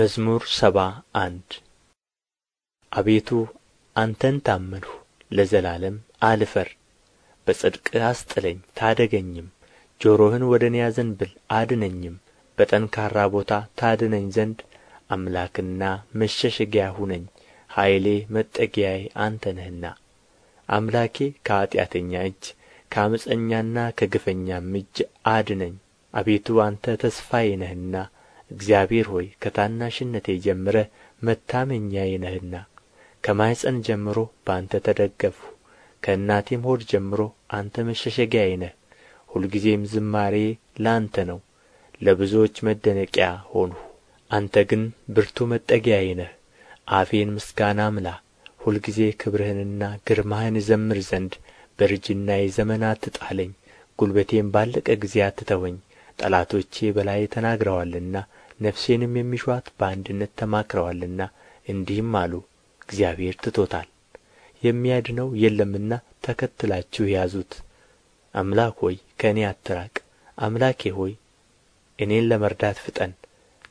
መዝሙር ሰባ አንድ አቤቱ አንተን ታመንሁ ለዘላለም አልፈር በጽድቅህ አስጥለኝ ታደገኝም ጆሮህን ወደ እኔ አዘንብል አድነኝም በጠንካራ ቦታ ታድነኝ ዘንድ አምላክና መሸሸጊያ ሁነኝ ኃይሌ መጠጊያዬ አንተ ነህና አምላኬ ከኀጢአተኛ እጅ ከአመፀኛና ከግፈኛም እጅ አድነኝ አቤቱ አንተ ተስፋዬ ነህና እግዚአብሔር ሆይ ከታናሽነቴ ጀምረህ መታመኛዬ ነህና ከማኅፀን ጀምሮ በአንተ ተደገፍሁ ከእናቴም ሆድ ጀምሮ አንተ መሸሸጊያዬ ነህ ሁልጊዜም ዝማሬዬ ለአንተ ነው ለብዙዎች መደነቂያ ሆንሁ አንተ ግን ብርቱ መጠጊያዬ ነህ አፌን ምስጋና ምላ ሁልጊዜ ክብርህንና ግርማህን እዘምር ዘንድ በርጅና የዘመን አትጣለኝ ጒልበቴም ባለቀ ጊዜ አትተወኝ ጠላቶቼ በላዬ ተናግረዋልና ነፍሴንም የሚሹአት በአንድነት ተማክረዋልና እንዲህም አሉ እግዚአብሔር ትቶታል የሚያድነው የለምና ተከትላችሁ ያዙት አምላክ ሆይ ከእኔ አትራቅ አምላኬ ሆይ እኔን ለመርዳት ፍጠን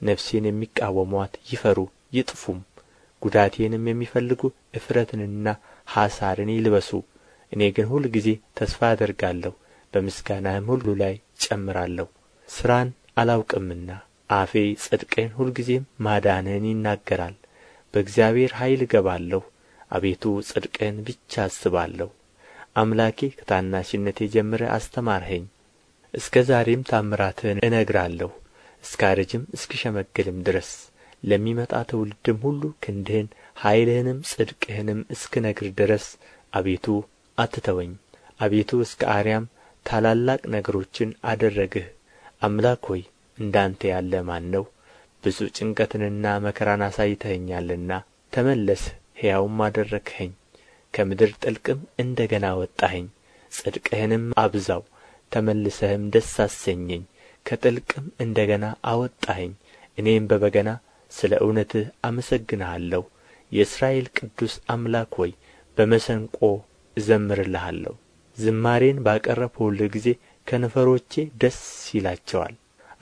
ነፍሴን የሚቃወሟት ይፈሩ ይጥፉም ጉዳቴንም የሚፈልጉ እፍረትንና ሐሳርን ይልበሱ እኔ ግን ሁልጊዜ ተስፋ አደርጋለሁ በምስጋናህም ሁሉ ላይ ጨምራለሁ ሥራን አላውቅምና አፌ ጽድቅህን ሁልጊዜም ማዳንህን ይናገራል በእግዚአብሔር ኃይል እገባለሁ አቤቱ ጽድቅህን ብቻ አስባለሁ አምላኬ ከታናሽነቴ ጀምረህ አስተማርኸኝ እስከ ዛሬም ታምራትህን እነግራለሁ እስካረጅም እስክሸመግልም ድረስ ለሚመጣ ትውልድም ሁሉ ክንድህን ኃይልህንም ጽድቅህንም እስክነግር ድረስ አቤቱ አትተወኝ አቤቱ እስከ አርያም ታላላቅ ነገሮችን አደረግህ አምላክ ሆይ እንደ አንተ ያለ ማን ነው ብዙ ጭንቀትንና መከራን አሳይተኸኛልና ተመለስህ ሕያውም አደረግኸኝ ከምድር ጥልቅም እንደ ገና ወጣኸኝ። ጽድቅህንም አብዛው ተመልሰህም ደስ አሰኘኝ ከጥልቅም እንደ ገና አወጣኸኝ እኔም በበገና ስለ እውነትህ አመሰግንሃለሁ የእስራኤል ቅዱስ አምላክ ሆይ በመሰንቆ እዘምርልሃለሁ ዝማሬን ባቀረብሁልህ ጊዜ ከንፈሮቼ ደስ ይላቸዋል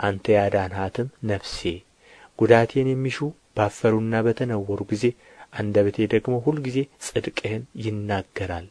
አንተ ያዳንሃትም ነፍሴ ጉዳቴን የሚሹ ባፈሩና በተነወሩ ጊዜ አንደበቴ ደግሞ ሁልጊዜ ጽድቅህን ይናገራል